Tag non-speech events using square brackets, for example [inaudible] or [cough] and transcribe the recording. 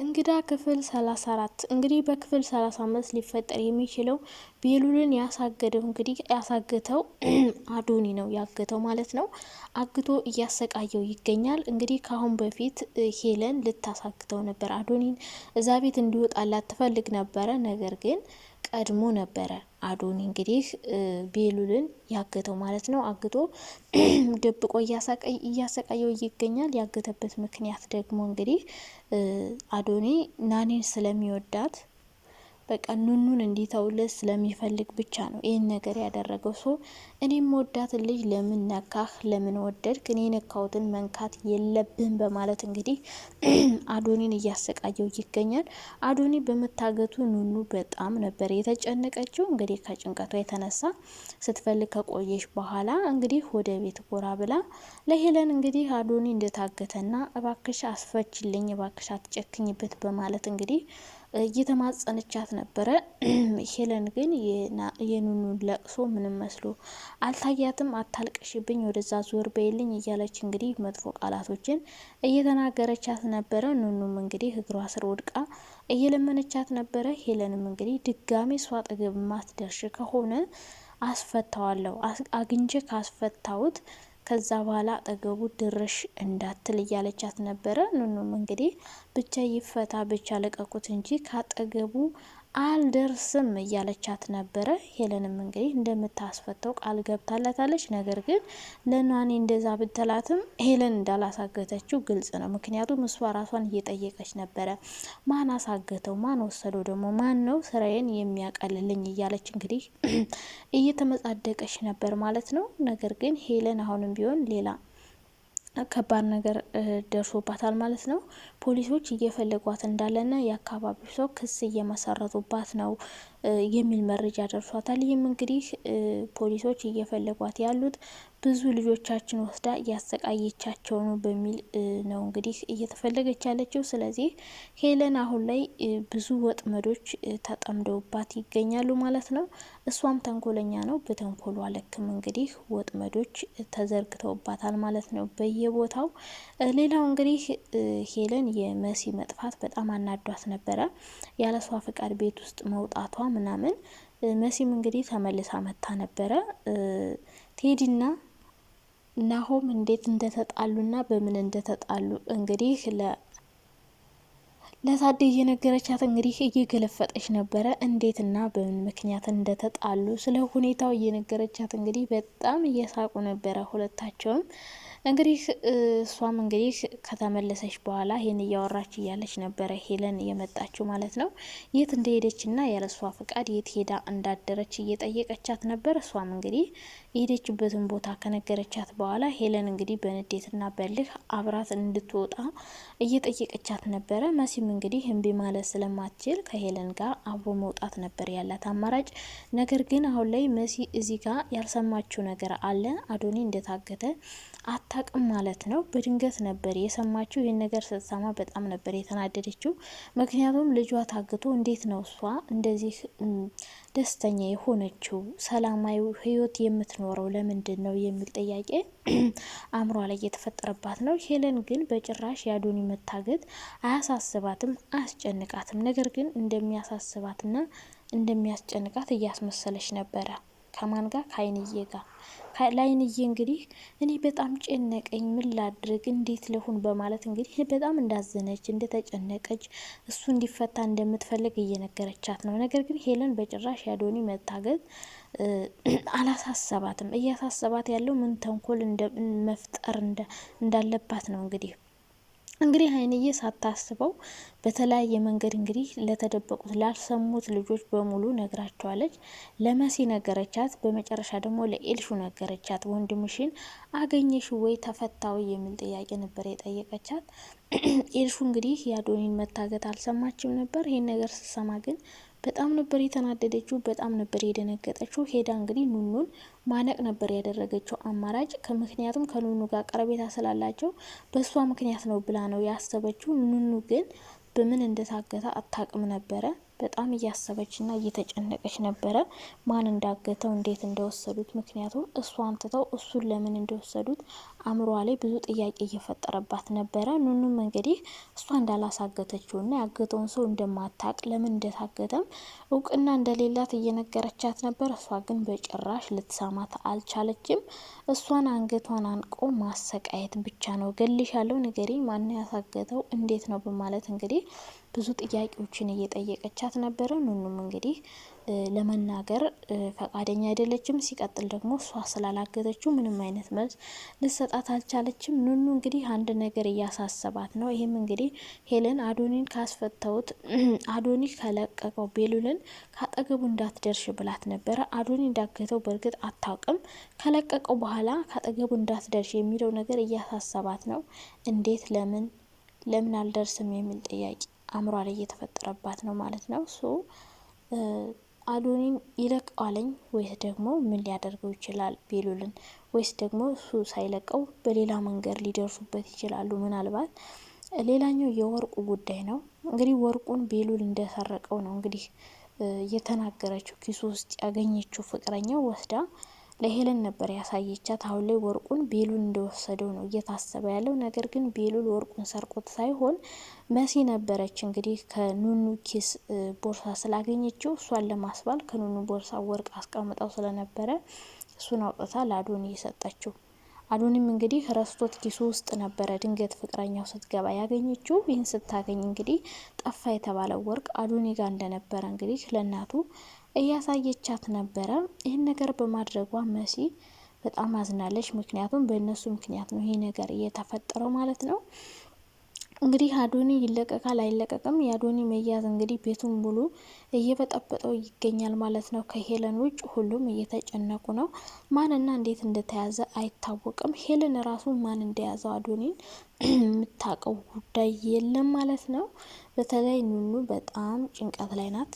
እንግዳ ክፍል 34 እንግዲህ በክፍል 35 ሊፈጠር የሚችለው ቤሉልን ያሳገደው እንግዲህ ያሳገተው [clears throat] አዶኒ ነው ያገተው ማለት ነው። አግቶ እያሰቃየው ይገኛል። እንግዲህ ከአሁን በፊት ሄለን ልታሳግተው ነበር። አዶኒን እዛ ቤት እንዲወጣላት ትፈልግ ነበረ። ነገር ግን ቀድሞ ነበረ አዶኒ እንግዲህ ቤሉልን ያገተው ማለት ነው። አግቶ [clears throat] ደብቆ እያሰቃየው ይገኛል። ያገተበት ምክንያት ደግሞ እንግዲህ አዶኒ ናኔን ስለሚወዳት በቃ ኑኑን እንዲተውልህ ስለሚፈልግ ብቻ ነው ይህን ነገር ያደረገው። ሰው እኔም ወዳትን ልጅ ለምን ነካህ? ለምን ወደድክ? እኔ የነካሁትን መንካት የለብህም በማለት እንግዲህ [clears throat] አዶኒን እያሰቃየው ይገኛል። አዶኒ በመታገቱ ኑኑ በጣም ነበር የተጨነቀችው። እንግዲህ ከጭንቀቷ የተነሳ ስትፈልግ ከቆየች በኋላ እንግዲህ ወደ ቤት ጎራ ብላ ለሄለን እንግዲህ አዶኒ እንደታገተና እባክሽ አስፈችልኝ፣ እባክሽ አትጨክኝበት በማለት እንግዲህ እየተማጸነቻት ነበረ። [clears throat] ሄለን ግን የኑኑን ለቅሶ ምንም መስሎ አልታያትም። አታልቅሽብኝ፣ ወደዛ ዞር በይልኝ እያለች እንግዲህ መጥፎ ቃላቶችን እየተናገረቻት ነበረ። ኑኑም እንግዲህ እግሯ ስር ወድቃ እየለመነቻት ነበረ። ሄለንም እንግዲህ ድጋሜ እሷ አጠገብ ማትደርሽ ከሆነ አስፈታዋለሁ አግኝቼ ካስፈታሁት ከዛ በኋላ አጠገቡ ድርሽ እንዳትል እያለቻት ነበረ። ኑኑም እንግዲህ ብቻ ይፈታ ብቻ ለቀቁት እንጂ ካጠገቡ አልደርስም እያለቻት ነበረ። ሄለንም እንግዲህ እንደምታስፈተው ቃል ገብታለታለች። ነገር ግን ለናኔ እንደዛ ብትላትም ሄለን እንዳላሳገተችው ግልጽ ነው። ምክንያቱም እሷ ራሷን እየጠየቀች ነበረ። ማን አሳገተው? ማን ወሰደው? ደግሞ ማን ነው ስራዬን የሚያቀልልኝ? እያለች እንግዲህ [clears throat] እየተመጻደቀች ነበር ማለት ነው። ነገር ግን ሄለን አሁንም ቢሆን ሌላ ከባድ ነገር ደርሶባታል ማለት ነው። ፖሊሶች እየፈለጓት እንዳለና የአካባቢው ሰው ክስ እየመሰረቱባት ነው የሚል መረጃ ደርሷታል። ይህም እንግዲህ ፖሊሶች እየፈለጓት ያሉት ብዙ ልጆቻችን ወስዳ እያሰቃየቻቸው ነው በሚል ነው እንግዲህ እየተፈለገች ያለችው። ስለዚህ ሄለን አሁን ላይ ብዙ ወጥመዶች ተጠምደውባት ይገኛሉ ማለት ነው። እሷም ተንኮለኛ ነው። በተንኮሉ ልክም እንግዲህ ወጥመዶች ተዘርግተውባታል ማለት ነው በየቦታው። ሌላው እንግዲህ ሄለን የመሲ መጥፋት በጣም አናዷት ነበረ። ያለሷ ፍቃድ ቤት ውስጥ መውጣቷ ምናምን። መሲም እንግዲህ ተመልሳ መታ ነበረ። ቴዲና ናሆም እንዴት እንደተጣሉና በምን እንደተጣሉ እንግዲህ ለታዴ እየነገረቻት እንግዲህ እየገለፈጠች ነበረ። እንዴትና በምን ምክንያት እንደተጣሉ ስለ ሁኔታው እየነገረቻት እንግዲህ በጣም እየሳቁ ነበረ ሁለታቸውም። እንግዲህ እሷም እንግዲህ ከተመለሰች በኋላ ይህን እያወራች እያለች ነበረ ሄለን የመጣችው ማለት ነው። የት እንደሄደችና ና እሷ ፍቃድ የት ሄዳ እንዳደረች እየጠየቀቻት ነበር። እሷም እንግዲህ የሄደችበትን ቦታ ከነገረቻት በኋላ ሄለን እንግዲህ በንዴትና በልህ አብራት እንድትወጣ እየጠየቀቻት ነበረ። መሲም እንግዲህ እምቢ ማለት ስለማትችል ከሄለን ጋር አብሮ መውጣት ነበር ያላት አማራጭ። ነገር ግን አሁን ላይ መሲ እዚህ ጋር ያልሰማችው ነገር አለ አዶኒ እንደታገተ አታውቅም ማለት ነው። በድንገት ነበር የሰማችው። ይህን ነገር ስትሰማ በጣም ነበር የተናደደችው። ምክንያቱም ልጇ ታግቶ እንዴት ነው እሷ እንደዚህ ደስተኛ የሆነችው ሰላማዊ ህይወት የምትኖረው ለምንድን ነው የሚል ጥያቄ [clears throat] አእምሯ ላይ የተፈጠረባት ነው። ሄለን ግን በጭራሽ ያዶኒ መታገት አያሳስባትም፣ አያስጨንቃትም። ነገር ግን እንደሚያሳስባትና እንደሚያስጨንቃት እያስመሰለች ነበረ። ከማን ጋር? ከአይንዬ ጋር ለአይንዬ እንግዲህ እኔ በጣም ጨነቀኝ፣ ምን ላድርግ፣ እንዴት ልሁን በማለት እንግዲህ በጣም እንዳዘነች እንደተጨነቀች እሱ እንዲፈታ እንደምትፈልግ እየነገረቻት ነው። ነገር ግን ሄለን በጭራሽ ያዶኒ መታገዝ አላሳሰባትም። እያሳሰባት ያለው ምን ተንኮል መፍጠር እንዳለባት ነው እንግዲህ እንግዲህ አይንዬ ሳታስበው በተለያየ መንገድ እንግዲህ ለተደበቁት ላልሰሙት ልጆች በሙሉ ነግራቸዋለች። ለመሲ ነገረቻት። በመጨረሻ ደግሞ ለኤልሹ ነገረቻት። ወንድምሽን አገኘሽ ወይ ተፈታዊ የሚል ጥያቄ ነበር የጠየቀቻት። [clears throat] ኤልሹ እንግዲህ የአዶኒን መታገት አልሰማችም ነበር። ይህን ነገር ስትሰማ ግን በጣም ነበር የተናደደችው፣ በጣም ነበር የደነገጠችው። ሄዳ እንግዲህ ኑኑን ማነቅ ነበር ያደረገችው አማራጭ ከምክንያቱም ከኑኑ ጋር ቀረቤታ ስላላቸው በእሷ ምክንያት ነው ብላ ነው ያሰበችው። ኑኑ ግን በምን እንደታገተ አታቅም ነበረ። በጣም እያሰበች እና እየተጨነቀች ነበረ፣ ማን እንዳገተው፣ እንዴት እንደወሰዱት። ምክንያቱም እሷን ትተው እሱን ለምን እንደወሰዱት አእምሯ ላይ ብዙ ጥያቄ እየፈጠረባት ነበረ። ኑኑም እንግዲህ እሷ እንዳላሳገተችውና ያገተውን ሰው እንደማታቅ ለምን እንደታገተም እውቅና እንደሌላት እየነገረቻት ነበር። እሷ ግን በጭራሽ ልትሰማት አልቻለችም። እሷን አንገቷን አንቆ ማሰቃየት ብቻ ነው። ገልሻለው፣ ንገሪ፣ ማን ያሳገተው፣ እንዴት ነው በማለት እንግዲህ ብዙ ጥያቄዎችን እየጠየቀቻት ነበረ። ኑኑም እንግዲህ ለመናገር ፈቃደኛ አይደለችም። ሲቀጥል ደግሞ እሷ ስላላገዘችው ምንም አይነት መልስ ልሰጣት አልቻለችም። ኑኑ እንግዲህ አንድ ነገር እያሳሰባት ነው። ይህም እንግዲህ ሄለን አዶኒን ካስፈተውት [clears throat] አዶኒ ከለቀቀው ቤሉልን ካጠገቡ እንዳትደርሽ ብላት ነበረ። አዶኒ እንዳገተው በእርግጥ አታውቅም። ከለቀቀው በኋላ ካጠገቡ እንዳትደርሽ የሚለው ነገር እያሳሰባት ነው። እንዴት፣ ለምን ለምን አልደርስም የሚል ጥያቄ አእምሯ ላይ እየተፈጠረባት ነው ማለት ነው። ሶ አዶኒም ይለቀዋለኝ ወይስ ደግሞ ምን ሊያደርገው ይችላል ቤሉልን? ወይስ ደግሞ እሱ ሳይለቀው በሌላ መንገድ ሊደርሱበት ይችላሉ። ምናልባት ሌላኛው የወርቁ ጉዳይ ነው። እንግዲህ ወርቁን ቤሉል እንደሰረቀው ነው እንግዲህ የተናገረችው ኪሱ ውስጥ ያገኘችው ፍቅረኛው ወስዳ ለሄለን ነበር ያሳየቻት። አሁን ላይ ወርቁን ቤሉል እንደወሰደው ነው እየታሰበ ያለው። ነገር ግን ቤሉል ወርቁን ሰርቆት ሳይሆን መሲ ነበረች እንግዲህ ከኑኑ ኪስ ቦርሳ ስላገኘችው እሷን ለማስባል ከኑኑ ቦርሳ ወርቅ አስቀምጠው ስለነበረ እሱን አውጥታ ለአዶኒ እየሰጠችው አዶኒም እንግዲህ ረስቶት ኪሱ ውስጥ ነበረ ድንገት ፍቅረኛው ስትገባ ያገኘችው። ይህን ስታገኝ እንግዲህ ጠፋ የተባለው ወርቅ አዶኒ ጋር እንደነበረ እንግዲህ ለእናቱ እያሳየቻት ነበረ። ይህን ነገር በማድረጓ መሲ በጣም አዝናለች። ምክንያቱም በእነሱ ምክንያት ነው ይሄ ነገር እየተፈጠረው ማለት ነው። እንግዲህ አዶኒ ይለቀቃል አይለቀቅም? የአዶኒ መያዝ እንግዲህ ቤቱን ሙሉ እየበጠበጠው ይገኛል ማለት ነው። ከሄለን ውጭ ሁሉም እየተጨነቁ ነው። ማንና እንዴት እንደተያዘ አይታወቅም። ሄለን ራሱ ማን እንደያዘው አዶኒን የምታውቀው ጉዳይ የለም ማለት ነው። በተለይ ኑኑ በጣም ጭንቀት ላይ ናት።